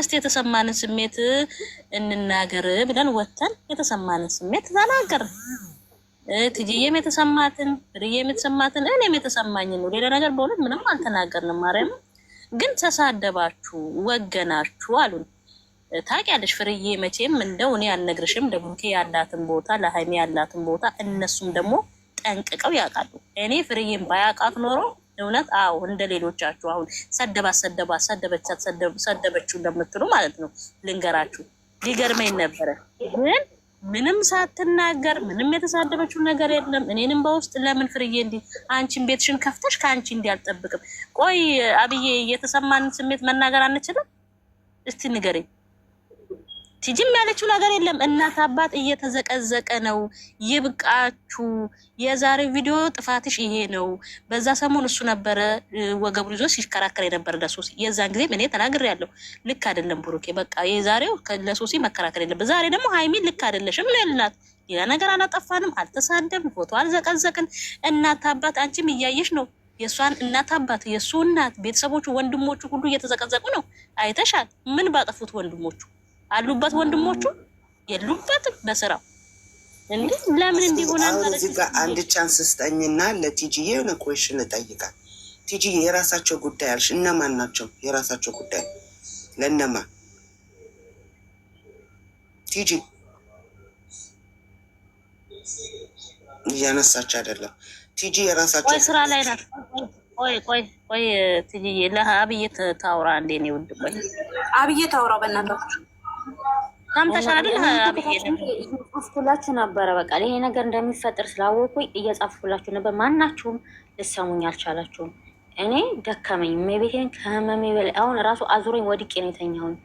እስቲ የተሰማንን ስሜት እንናገር ብለን ወተን የተሰማንን ስሜት ተናገር። ትጅዬም የተሰማትን፣ ፍርዬም የተሰማትን፣ እኔም የተሰማኝ ነው። ሌላ ነገር በእውነት ምንም አልተናገርንም። ማርያም ግን ተሳደባችሁ፣ ወገናችሁ አሉን። ታውቂያለሽ ፍርዬ መቼም እንደው እኔ አልነግርሽም፣ ለቡሩኬ ያላትን ቦታ ለሀይሜ ያላትን ቦታ እነሱም ደግሞ ጠንቅቀው ያውቃሉ። እኔ ፍርዬም ባያውቃት ኖረው እውነት አዎ፣ እንደ ሌሎቻችሁ አሁን ሰደባት ሰደባት ሰደበቻት ሰደበችው እንደምትሉ ማለት ነው። ልንገራችሁ ሊገርመኝ ነበረ ግን ምንም ሳትናገር ምንም የተሳደበችው ነገር የለም። እኔንም በውስጥ ለምን ፍርዬ እንዲ አንቺን ቤትሽን ከፍተሽ ከአንቺ እንዲ አልጠብቅም። ቆይ አብዬ የተሰማን ስሜት መናገር አንችልም? እስቲ ንገረኝ። ቲጂም ያለችው ነገር የለም። እናት አባት እየተዘቀዘቀ ነው፣ ይብቃችሁ። የዛሬ ቪዲዮ ጥፋትሽ ይሄ ነው። በዛ ሰሞን እሱ ነበረ ወገቡ ይዞ ሲከራከር የነበረ ለሶሲ። የዛን ጊዜም እኔ ያለው ልክ አይደለም ብሩኬ፣ በቃ የዛሬው ለሶሲ መከራከር የለም። ዛሬ ደግሞ ሀይሚ ልክ አይደለሽም ነው ያልናት። ሌላ ነገር አላጠፋንም፣ አልተሳደም፣ ፎቶ አልዘቀዘቅን። እናት አባት አንቺም እያየሽ ነው የእሷን እናት አባት የእሱ እናት ቤተሰቦቹ፣ ወንድሞቹ ሁሉ እየተዘቀዘቁ ነው። አይተሻል ምን ባጠፉት ወንድሞቹ አሉበት ወንድሞቹ የሉበትም በስራው እንዴ ለምን እንዲሆን እዚህ ጋር አንድ ቻንስ ስጠኝና ለቲጂዬ የሆነ ኮሽን ልጠይቃል። ቲጂዬ የራሳቸው ጉዳይ አልሽ፣ እነማን ናቸው የራሳቸው ጉዳይ ለእነማ ቲጂ እያነሳች አይደለም። ቲጂ የራሳቸው ስራ ላይ ናት። ቆይ ቆይ ቆይ ቲጂዬ ለአብዬ ታውራ እንዴ ነው ውድ ቆይ አብዬ ታውራ በእናታችሁ ሰምተሻል ጻፍኩላችሁ ነበረ። በቃ ይሄ ነገር እንደሚፈጠር ስላወቁኝ እየጻፍኩላችሁ ነበር። ማናችሁም ልሰሙኝ አልቻላችሁም። እኔ ደከመኝ። እመቤቴን ከህመሜ በላይ አሁን ራሱ አዙሮኝ ወድቄ ነው የተኛሁኝ።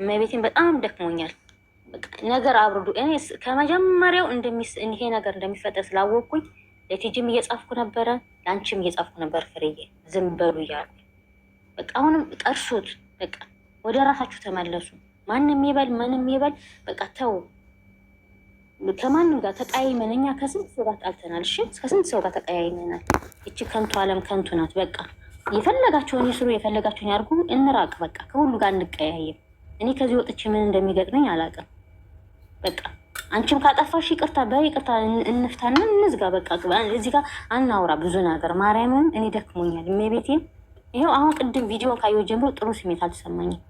እመቤቴን በጣም ደክሞኛል። ነገር አብርዱ። እኔ ከመጀመሪያው ይሄ ነገር እንደሚፈጠር ስላወቅኩኝ ለቲጂም እየጻፍኩ ነበረ፣ ለአንቺም እየጻፍኩ ነበር። ፍሬዬ ዝም በሉ እያሉ በቃ አሁንም ቀርሱት። በቃ ወደ ራሳችሁ ተመለሱ። ማንም ይበል ምንም ይበል በቃ ተው። ከማንም ጋር ተቀያይመን እኛ ከስንት ሰው ጋር ጣልተናል። እሺ ከስንት ሰው ጋር ተቀያይመናል። እቺ ከንቱ አለም ከንቱ ናት። በቃ የፈለጋቸውን ይስሩ፣ የፈለጋቸውን ያርጉ። እንራቅ በቃ ከሁሉ ጋር እንቀያየም። እኔ ከዚህ ወጥቼ ምን እንደሚገጥመኝ አላውቅም። በቃ አንቺም ካጠፋሽ ይቅርታ በይቅርታ እንፍታና እንዝጋ። በቃ እዚህ ጋር አናውራ ብዙ ነገር። ማርያምም እኔ ደክሞኛል። እመቤቴን ይኸው አሁን ቅድም ቪዲዮ ካየሁ ጀምሮ ጥሩ ስሜት አልተሰማኝም።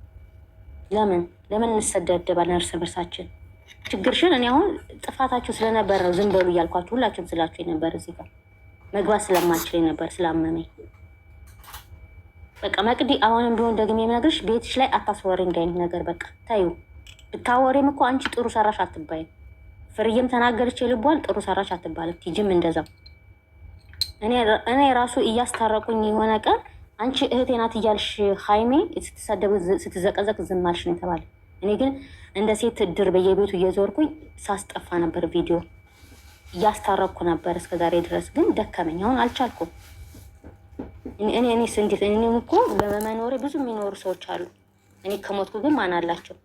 ለምን ለምን እንሰዳደባለን እርስ በርሳችን? ችግርሽን እኔ አሁን ጥፋታችሁ ስለነበር ነው ዝም በሉ እያልኳችሁ ሁላችሁም ስላችሁ የነበር እዚህ ጋር መግባት ስለማልችል ነበር ስላመመኝ። በቃ መቅዲ፣ አሁንም ቢሆን ደግሜ የምነግርሽ ቤትሽ ላይ አታስወሪ እንዲህ አይነት ነገር በቃ ታዩ። ብታወሪም እኮ አንቺ ጥሩ ሰራሽ አትባይም። ፍርዬም ተናገረች የልቧን። ጥሩ ሰራሽ አትባልም። ቲጂም እንደዛው። እኔ ራሱ እያስታረቁኝ የሆነ ቀን አንቺ እህቴ ናት እያልሽ ሀይሜ ስትሳደቡ ስትዘቀዘቅ ዝም አልሽ ነው የተባለ። እኔ ግን እንደ ሴት እድር በየቤቱ እየዞርኩኝ ሳስጠፋ ነበር፣ ቪዲዮ እያስታረኩ ነበር እስከ ዛሬ ድረስ ግን ደከመኝ። አሁን አልቻልኩም። እኔ እኔ እንዴት እኔም እኮ በመኖሬ ብዙ የሚኖሩ ሰዎች አሉ። እኔ ከሞትኩ ግን ማን አላቸው?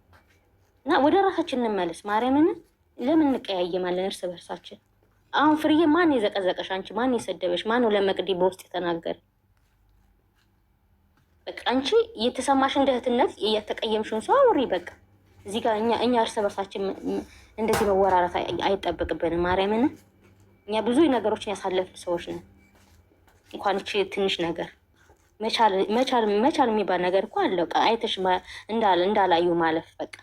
እና ወደ ራሳችን እንመለስ። ማርያምን ለምን እንቀያየማለን እርስ በርሳችን? አሁን ፍርዬ ማን የዘቀዘቀሽ አንቺ? ማን የሰደበሽ? ማን ለመቅዲ በውስጥ የተናገረ በቃ አንቺ የተሰማሽን እህትነት እያተቀየምሽን ሰው አውሪ። በቃ እዚህ ጋር እኛ እኛ እርስ በርሳችን እንደዚህ መወራራት አይጠበቅብንም። ማርያምን እኛ ብዙ ነገሮችን ያሳለፍን ሰዎች ነን። እንኳን እቺ ትንሽ ነገር መቻል መቻል የሚባል ነገር እኮ አለ። በቃ አይተሽ እንዳላዩ ማለፍ በቃ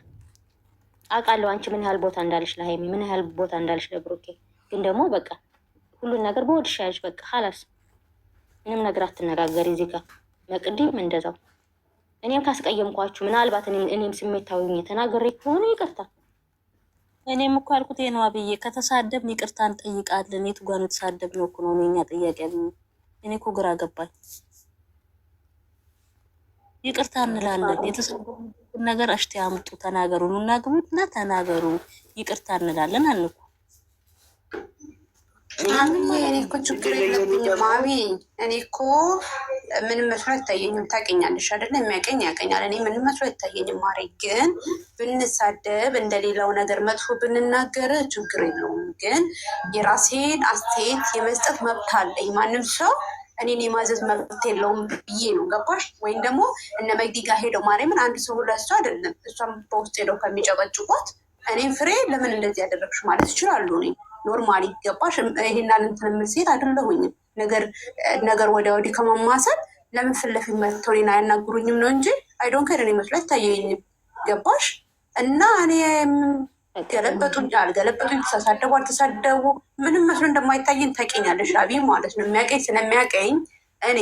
አውቃለሁ። አንቺ ምን ያህል ቦታ እንዳለሽ ለሀይሚ ምን ያህል ቦታ እንዳለሽ ለብሩኬ፣ ግን ደግሞ በቃ ሁሉን ነገር በወድሻ በቃ ሀላስ ምንም ነገር አትነጋገር እዚህ ጋር መቅድም እንደዛው እኔም ካስቀየምኳችሁ ምናልባት እኔም ስሜታዊ ተናግሬ ከሆነ ይቅርታ። እኔም እኮ ያልኩት ነው ብዬ ከተሳደብን ይቅርታ እንጠይቃለን። የቱ ጋር ነው የተሳደብነው? እኮ ነው የእኛ ጥያቄ። እኔ እኮ ግራ ገባኝ። ይቅርታ እንላለን። የተሳደብን ነገር እሽቲ አምጡ፣ ተናገሩ፣ ኑና ግቡና ተናገሩ። ይቅርታ እንላለን አንኩ እኔ እኮ ችግር የለብኝም ማሚ፣ እኔ እኮ ምንም መስሎ አይታየኝም። ታውቂኛለሽ አይደለ? የሚያቀኝ ያውቀኛል። እኔ ምንም መስሎ አይታየኝም። ማሪ ግን ብንሳደብ እንደሌላው ነገር መጥፎ ብንናገር ችግር የለውም። ግን የራሴን አስተያየት የመስጠት መብት አለኝ። ማንም ሰው እኔን የማዘዝ መብት የለውም ብዬ ነው። ገባሽ? ወይም ደግሞ እነ መግዲ ጋር ሄደው ማርያምን አንድ ሰው ሁላ እሱ አይደለም እሷም በውስጥ ሄደው ከሚጨቀጭቆት እኔም ፍሬ ለምን እንደዚህ ያደረግሽ ማለት ይችላሉ። እኔ ኖርማሊ ገባሽ? ይሄን እንትን የምል ሴት አይደለሁኝም። ነገር ነገር ወደ ወዲህ ከመማሰል ለምን ፊት ለፊት አያናግሩኝም ነው እንጂ አይዶን ከደን መስሎ አይታየኝ። ገባሽ? እና እኔ ገለበጡኝ አልገለበጡኝ፣ ተሳደቡ አልተሳደቡ ምንም መስሎ እንደማይታየኝ ታውቂኛለሽ፣ አቢ ማለት ነው የሚያቀኝ ስለሚያቀኝ እኔ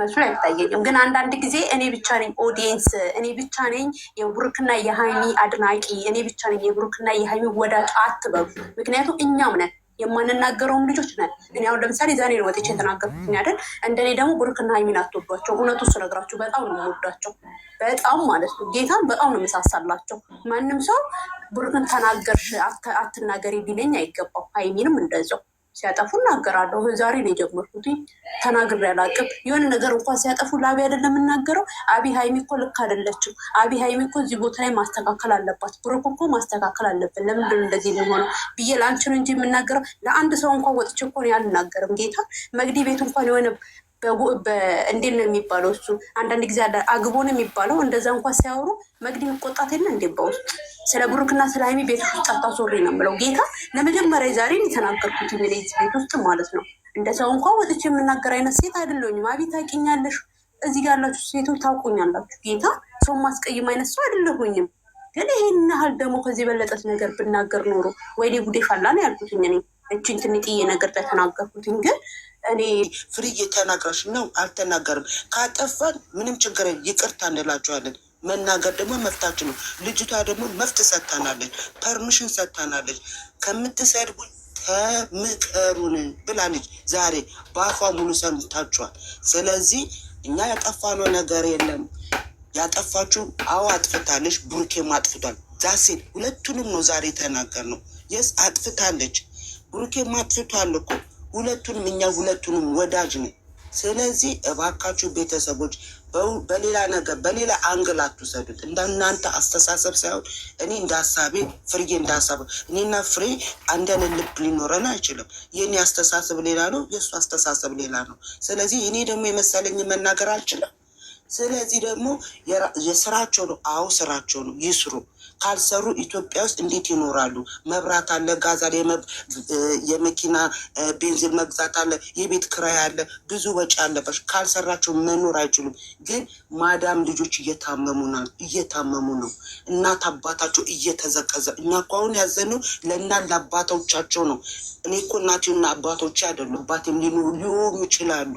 መስሎ አይታየኝም። ግን አንዳንድ ጊዜ እኔ ብቻ ነኝ ኦዲየንስ፣ እኔ ብቻ ነኝ የብሩክና የሀይሚ አድናቂ፣ እኔ ብቻ ነኝ የብሩክና የሀይሚ ወዳጅ አትበሉ። ምክንያቱም እኛም ነን የማንናገረውም ልጆች ነን። እኔ አሁን ለምሳሌ ዛኔ ነው ወጥቼ የተናገርኩኝ አይደል? እንደኔ ደግሞ ብሩክና ሀይሚን አትወዷቸው። እውነቱ ስነግራችሁ በጣም ነው የምወዳቸው፣ በጣም ማለት ነው። ጌታን በጣም ነው የምሳሳላቸው። ማንም ሰው ብሩክን ተናገርሽ አትናገሪ ቢለኝ አይገባው፣ ሀይሚንም እንደዚያው ሲያጠፉ እናገራለሁ። ዛሬ ነው የጀመርኩት፣ ተናግሬ አላውቅም። የሆነ ነገር እንኳን ሲያጠፉ ለአቢ አይደለም የምናገረው። አቢ ሀይሚ እኮ ልክ አይደለችም። አቢ ሀይሚ እኮ እዚህ ቦታ ላይ ማስተካከል አለባት። ብሩክ እኮ ማስተካከል አለብን። ለምንድን እንደዚህ የሚሆነው ብዬ ለአንቺ ነው እንጂ የምናገረው ለአንድ ሰው እንኳን ወጥቼ እኮ አልናገርም። ጌታ መግዲ ቤት እንኳን የሆነ እንዴት ነው የሚባለው? እሱ አንዳንድ ጊዜ አግቦ ነው የሚባለው። እንደዛ እንኳ ሲያወሩ መግድ የሚቆጣት የለ እንዴ? በውስጥ ስለ ብሩክና ስለ ሀይሚ ቤት ውስጥ አታስወሪ ነው የምለው። ጌታ ለመጀመሪያ ዛሬን የተናገርኩት ሚሌት ቤት ውስጥ ማለት ነው። እንደ ሰው እንኳ ወጥቼ የምናገር አይነት ሴት አይደለሁኝም። አቤት ታውቂኛለሽ፣ እዚህ ጋር ያላችሁ ሴቶች ታውቁኛላችሁ። ጌታ ሰው ማስቀይም አይነት ሰው አይደለሁኝም። ግን ይህን ያህል ደግሞ ከዚህ የበለጠት ነገር ብናገር ኖሮ ወይኔ ጉዴ ፈላ ነው ያልኩትኝ እኔ እችን ትንጥዬ ነገር ተናገርኩትን ግን እኔ ፍሪ እየተናገረች ነው አልተናገርም። ካጠፋን ምንም ችግር ይቅርታ እንላቸዋለን። መናገር ደግሞ መፍታችን ነው። ልጅቷ ደግሞ መፍት ሰጥታናለች፣ ፐርሚሽን ሰጥታናለች። ከምትሰድቡ ተምከሩን ብላለች። ዛሬ በአፏ ሙሉ ሰምታችኋል። ስለዚህ እኛ ያጠፋነው ነገር የለም። ያጠፋችሁ አዎ አጥፍታለች፣ ቡርኬም አጥፍቷል። ዛሴን ሁለቱንም ነው ዛሬ የተናገር ነው። የስ አጥፍታለች ብሩኬ ማትስቷል እኮ ሁለቱንም እኛ ሁለቱንም ወዳጅ ነው። ስለዚህ እባካችሁ ቤተሰቦች በሌላ ነገር በሌላ አንግል አትውሰዱት። እንደናንተ አስተሳሰብ ሳይሆን እኔ እንደ ሀሳቤ ፍርዬ እንደ ሀሳብ እኔና ፍሬ አንዳንድ ልብ ሊኖረን አይችልም። የእኔ አስተሳሰብ ሌላ ነው፣ የእሱ አስተሳሰብ ሌላ ነው። ስለዚህ እኔ ደግሞ የመሰለኝ መናገር አልችልም። ስለዚህ ደግሞ የስራቸው ነው። አዎ ስራቸው ነው፣ ይስሩ። ካልሰሩ ኢትዮጵያ ውስጥ እንዴት ይኖራሉ? መብራት አለ፣ ጋዝ የመኪና ቤንዚን መግዛት አለ፣ የቤት ክራይ አለ፣ ብዙ ወጪ አለበት። ካልሰራቸው መኖር አይችሉም። ግን ማዳም ልጆች እየታመሙ እየታመሙ ነው። እናት አባታቸው እየተዘቀዘ እኛ እኮ አሁን ያዘነው ለእናት ለአባቶቻቸው ነው። እኔ እኮ እናቴና አባቶቼ አይደሉም። አባቴም ሊኖሩ ይችላሉ